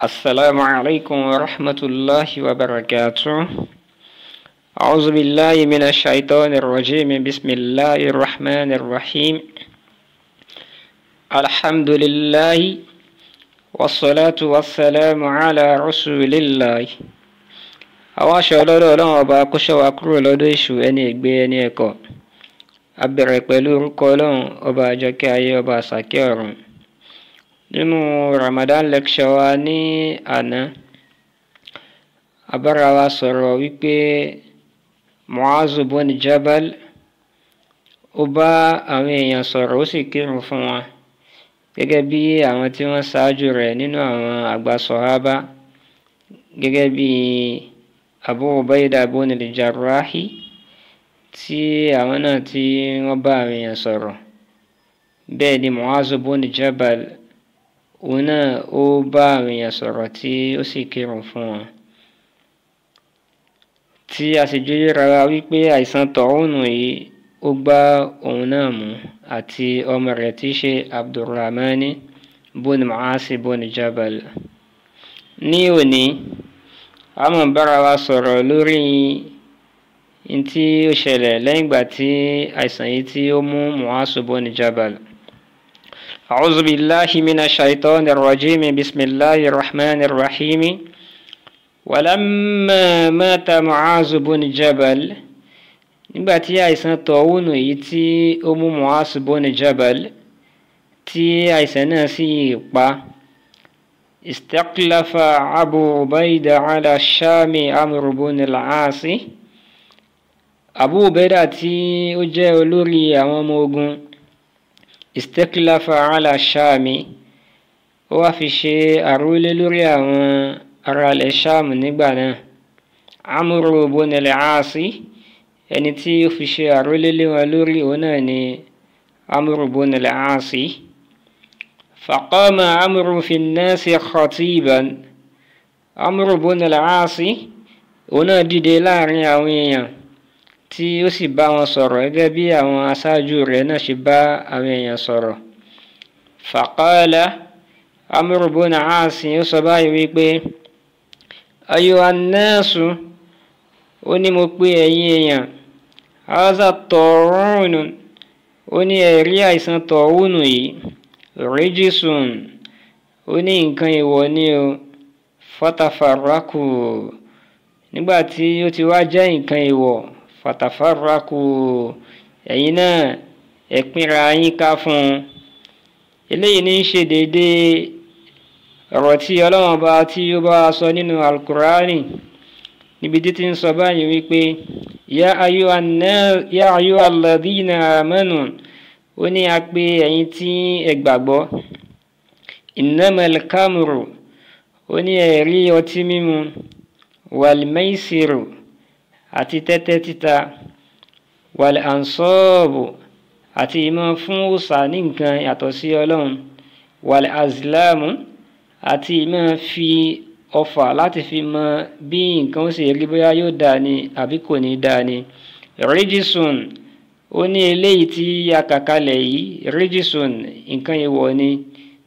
السلام عليكم ورحمة الله وبركاته أعوذ بالله من الشيطان الرجيم بسم الله الرحمن الرحيم الحمد لله والصلاة والسلام على رسول الله àwọn aṣọ ọlọ́run ọba kó kúrò lọ́dọ̀ èṣù ẹni ègbé ẹni ẹ̀kọ́ a pẹ̀lú orúkọ ọlọ́run ọba àjọkẹ́ ayé ọba àṣàkẹ́ ọ̀run nínú Ramadan lecture wa ní àná abára wa sọ̀rọ̀ wípé Mu'azu bun Jabal ó bá àwọn èèyàn sọ̀rọ̀ ó sì kírun fún wọn gẹ́gẹ́ bí àwọn tí wọ́n ṣáájú rẹ̀ nínú àwọn àgbà sọ̀hábà gẹ́gẹ́ bí Abu Ubaida bun al tí àwọn náà tí wọ́n bá àwọn èèyàn sọ̀rọ̀ bẹ́ẹ̀ ni Mu'azu bun Jabal òun náà ó bá àwọn èèyàn sọ̀rọ̀ tí ó sì kírun fún wọn tí a sì jóyè rárá wípé àìsàn tọ̀húnù yìí ó gbá òun náà mú àti ọmọ rẹ̀ tí í ṣe abdulrahman bun maasi bun jabal ní òní a bára wa sọ̀rọ̀ lórí ntí ó ṣẹlẹ̀ lẹ́yìn ìgbà tí àìsàn yìí tí ó mú muasu bun jabal. أعوذ بالله من الشيطان الرجيم بسم الله الرحمن الرحيم ولما مات معاذ بن جبل نباتي أيسان طعون يتي أم معاذ بن جبل تي أيسان سيقا استقلف أبو عبيد على الشام أمر بن العاصي أبو عبيد تي أجي أولوري أمام istekilafa ala ṣáàmì ó wá fi ṣe àrólé lórí àwọn aráàlẹ̀ ṣáàmù nígbà náà amúrò bonẹlẹ aasi ẹni tí ó fi ṣe àrólé lé wọn lórí òun náà ni amúrò bonẹlẹ aasi fàkọ́mà amúrò finnẹ́sì khatiban amúrò bonẹlẹ aasi òun náà dìde láàrin àwọn èèyàn tí ó sì bá wọn sọ̀rọ̀ gẹ́gẹ́ bí àwọn aṣáájú rẹ̀ náà ṣe bá àwọn èèyàn sọ̀rọ̀ faqala amru bun aasin ó sọ báyìí wípé ayuha annasu ó ní mo pé ẹ̀yin èèyàn haza tọ̀ọ̀rùn ó ní ẹ̀rí àìsàn tọ̀ọ̀hún yìí rígísùn ó ní nǹkan ìwọ̀ ni o fatafarraku nígbà tí ó ti wá jẹ́ nǹkan ìwọ̀ fatafarraku ẹ̀yin náà ẹ pínra yín ká fún un eléyìí ní í ṣe déédéé ọ̀rọ̀ tí ọlọ́run bá tí ó bá sọ nínú alukurani níbi títí ń sọ báyìí wípé ya ayu alladina amanu ó ní a pé ẹ̀yin tí ẹ gbàgbọ́ innamal ó ní ẹ̀rí ọtí mímu wal àti tẹ́tẹ́ títa wàlẹ̀ ansọ́ọ̀bù àti ìmọ̀ fún òòṣà ní nǹkan yàtọ̀ sí ọlọ́run wàlẹ̀ azìláàmù àti ìmọ̀ fi ọfà láti fi mọ bí nǹkan ó sì rí bóyá yóò dáa ni àbí kò ní dáa ni rígísùn ó ní eléyìí tí a kà kalẹ̀ yìí rígísùn nǹkan ìwọ ni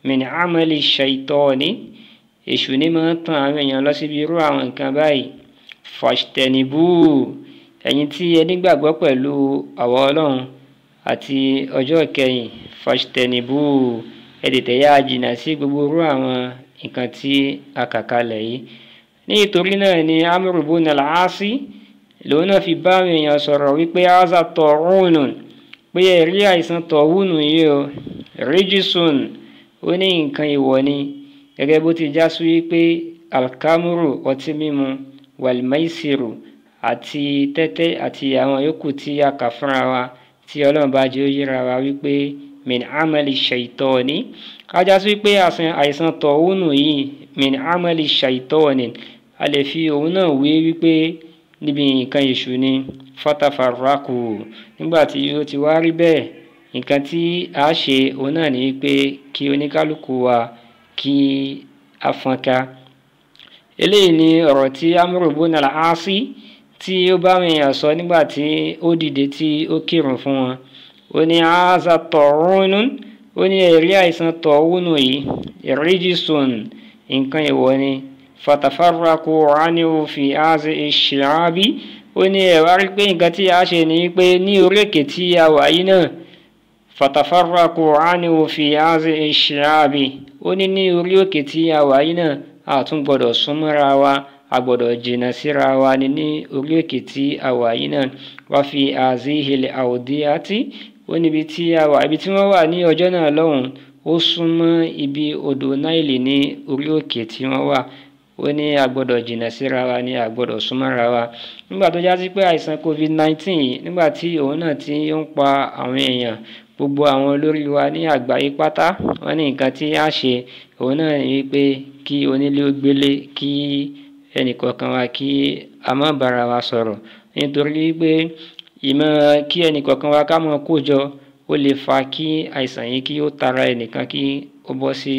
mìnì àmàlì ṣàìtọ́ ni èṣù ní máa ń àwọn èèyàn lọ síbi irú àwọn nǹkan báyìí fàṣtẹ̀nìbù ẹ̀yin tí ẹ nígbàgbọ́ pẹ̀lú àwọ̀ ọlọ́run àti ọjọ́ ìkẹyìn fàṣtẹ̀nìbù ẹ tètè yá jìnnà sí gbogbo irú àwọn nǹkan tí a kà kalẹ̀ yìí nítorí náà ni amúrùbù nàlàásì lòun náà fi bá àwọn èèyàn sọ̀rọ̀ wípé aza tọ̀rùnù pé ẹ̀rí àìsàn tọ̀húnù yìí o rígísùn ó ní nǹkan ìwọ ni gẹ́gẹ́ bó ti já sí wípé alkamuru ọtí mímu wàlmáìsirù àti tẹ́tẹ́ àti àwọn yòókù tí a kà fúnra wa tí ọlọ́run bá jẹ́ yíra wa wípé min amali shaitoni kájá sí pé àìsàn tọ̀húnù yìí min amali shaitoni a lè fi òun náà wé wípé níbi nǹkan èṣù ni fatafarraku nígbà tí ó ti wá rí bẹ́ẹ̀ nǹkan tí a ṣe òun náà ni pé kí oníkálukú wa kí a fọ́nká eléyìí ni ọ̀rọ̀ tí amúrò bónà áásí tí ó bá wọn èèyàn sọ nígbà tí ó dìde tí ó kírun fún wọn ó ní áásá tọ̀rúnú ó ní ẹ̀rí àìsàn tọ̀húnù yìí ìríjìsùn nǹkan ìwọ ni fatafarraku ránìwò fi áásí ìṣìlábí ó ní ẹ̀wá rí pé nǹkan tí a ṣe ni pé ní oríkè tí a wà yìí náà fatafarraku ránìwò fi áásí ìṣìlábí ó ní ní orí òkè tí a wà yìí náà a gbọdọ gbọ́dọ̀ súnmọ́ra wa a gbọ́dọ̀ jìnnà síra wa ni ní orí òkè tí a wà yìí náà wá fi ó níbi ibi tí wọ́n wà ní ọjọ́ náà lọ́hùn ó súnmọ́ ibi odò náìlì ní orí òkè tí wọ́n wà ó ní a jìnnà síra wa a covid 19 nígbà tí òun náà ti ń pa àwọn gbogbo àwọn olórí wa ní àgbáyé pátá wọ́n ní nǹkan tí a ṣe òun náà ni wípé kí onílé ó gbélé kí ẹnìkọ̀ọ̀kan wa kí a má bára wa sọ̀rọ̀ nítorí wípé ìmọ̀ kí ẹnìkọ̀ọ̀kan wa ká mọ̀ kó jọ ó lè fa kí àìsàn yìí kí ó tara ẹnìkan kí ó bọ́ sí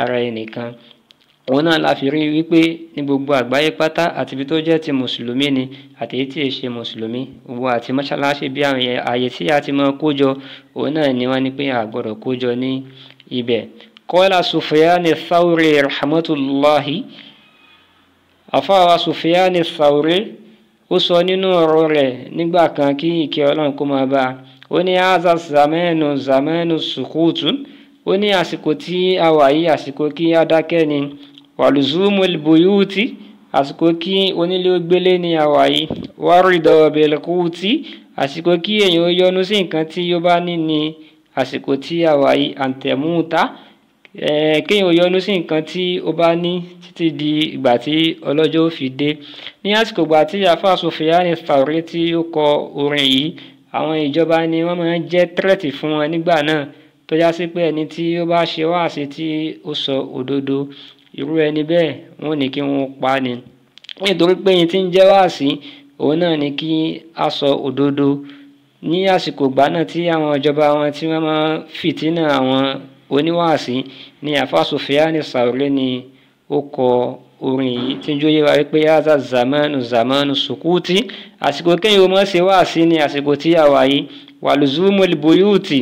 ara ẹnìkan òun náà la fi rí wípé ní gbogbo àgbáyé pátá àti ibi tó jẹ́ ti mùsùlùmí ni àti èyí tí è ṣe mùsùlùmí gbogbo àti mọ́ṣáláṣí bí àwọn àyè tí a ti mọ kójọ òun náà ni wọ́n ní pé a gbọ́dọ̀ kójọ ní ibẹ̀. qala Sufyan Thawri rahmatulahi àfáàwá Sufyan Thawri ó sọ nínú ọ̀rọ̀ rẹ̀ nígbà kan kí ìkẹ́ ọlọ́run kó máa bá a ó ní azaz zamanu zamanu ó ní àsìkò tí a wà yìí àsìkò kí a dákẹ́ ni wàlùzúmù bùyúùtì àsìkò kí onílé ó gbélé ni a wà yìí wárìdọ̀ bẹ̀lẹ̀kùtì àsìkò kí èèyàn ó yọnu sí nǹkan tí ó bá ní ni àsìkò tí a wà yìí àǹtẹ̀múta kéèyàn ò yọnu sí nǹkan tí ó bá ní títí di ìgbà tí ọlọ́jọ́ ó fi dé ní àsìkò ìgbà tí àfáà Sufyan Thauri tí ó kọ orin yìí àwọn ìjọba ni wọ́n máa ń jẹ́ tírẹ̀tì fún wọn nígbà náà tó já sí pé ẹni tí ó bá ṣe wáàsí tí ó sọ òdodo irú ẹni bẹ́ẹ̀ wọ́n ní kí wọ́n pa ni nítorí pé ẹni tí ń jẹ́ wáàsí òun náà ni kí a sọ òdodo ní àsìkò ìgbà náà tí àwọn ìjọba wọn tí wọ́n máa fìtínà àwọn oníwàásí ni àfàsòfìàní sàrúlé ni ó kọ orin yìí tí ń jó yé wa wípé yaza zamanu zamanu sukuti àsìkò kéyìn o mọ̀ ṣe wáàsí ni àsìkò tí a wà yìí wàlúzùmọ̀lì bòyúùtì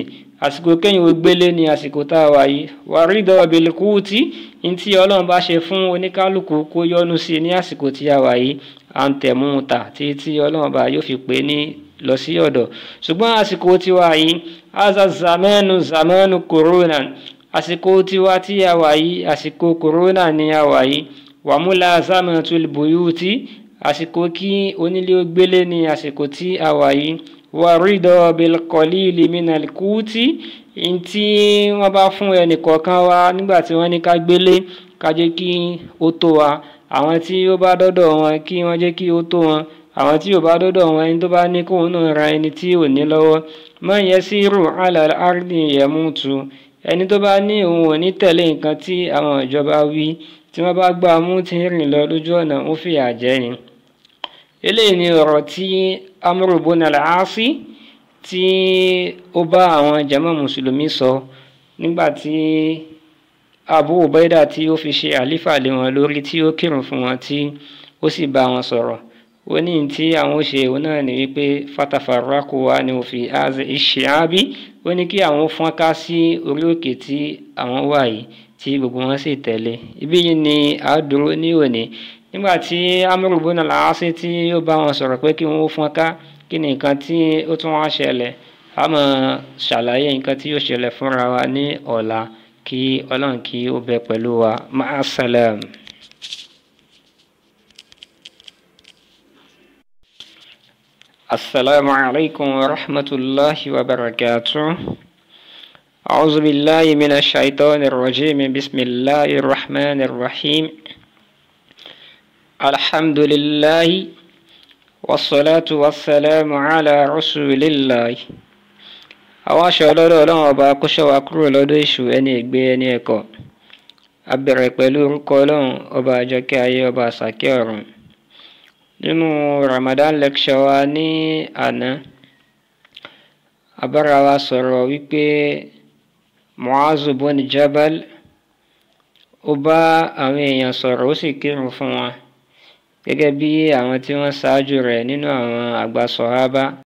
àsìkò kéyìn ó ni àsìkò tá a wà yìí wàrídọ̀ bìlìkúùtì ní tí ọlọ́run bá ṣe fún oníkálukú kó yọ́nú sí ní àsìkò tí a wà yìí à ń tẹ̀mú ta tí tí ọlọ́run bá yóò fi pé ní lọ sí ọ̀dọ̀ ṣùgbọ́n àsìkò tí wà yìí aza zamanu zamanu corona àsìkò tiwa tí a wà yìí àsìkò corona ni a wà yìí wàmúlà zamanu tulbuyuti àsìkò kí onílé ó ni àsìkò tí a wà yìí wàrídọ̀ bilkọ̀lìlì minal kúùtì ntí wọ́n bá fún ẹnìkọ̀ọ̀kan wa nígbà tí wọ́n ní ká gbélé ká jẹ́ kí ó tó wa àwọn tí ó bá dọ́dọ̀ wọn kí wọ́n jẹ́ kí ó tó wọn àwọn tí ò bá dọ́dọ̀ wọn ẹni tó bá ní kóun náà ra ẹni tí ò ní lọ́wọ́ man yasiru ala al-ardi yamutu ẹni tó bá ní òun ò ní tẹ̀lé nǹkan tí àwọn ìjọba wí tí wọ́n bá gbà mú ti rìn lọ lójú ọ̀nà ó fìyà jẹ ni eléyìí ni ọ̀rọ̀ tí amúrò bọ́nà làásì tí ó bá àwọn jama mùsùlùmí sọ nígbà tí Abu Ubaida tí ó fi ṣe àlífà lé wọn lórí tí ó kírun fún wọn tí ó sì bá wọn sọ̀rọ̀ ó ní tí àwọn ó ṣe òun náà ni wípé fatafarako wa ni òfin azẹ ìṣeábí ó ní kí àwọn fọ́nká sí orí òkè tí àwọn wà yìí tí gbogbo wọn sì tẹ̀lé ibí yìí ni àádúró ní òní nígbà tí amúrù bùnà làásì tí ó bá wọn sọ̀rọ̀ pé kí wọ́n fọ́n ká kí ni nǹkan tí ó tún wá ṣẹlẹ̀ a máa ṣàlàyé nǹkan tí yóò ṣẹlẹ̀ fúnra wa ní ọ̀la kí ọlọ́run kí ó bẹ pẹ̀lú wa máa salam. السلام عليكم ورحمة الله وبركاته أعوذ بالله من الشيطان الرجيم بسم الله الرحمن الرحيم الحمد لله والصلاة والسلام على رسول الله àwọn aṣọ ọlọ́dọ̀ ọlọ́run ọba akóṣọ́ wa kúrò lọ́dọ̀ èṣù ẹni ègbé ẹni ẹ̀kọ́ abẹ̀rẹ̀ pẹ̀lú orúkọ ọlọ́run ọba àjọkẹ́ ayé ọba àsàkẹ́ ọ̀run nínú Ramadan lecture wa ní àná abára wa sọ̀rọ̀ wípé Mu'azu bọ́ni Jabal ó bá àwọn èèyàn sọ̀rọ̀ ó sì kírun fún gẹ́gẹ́ bí àwọn tí wọ́n ṣáájú rẹ̀ nínú àwọn àgbà sọ̀hábà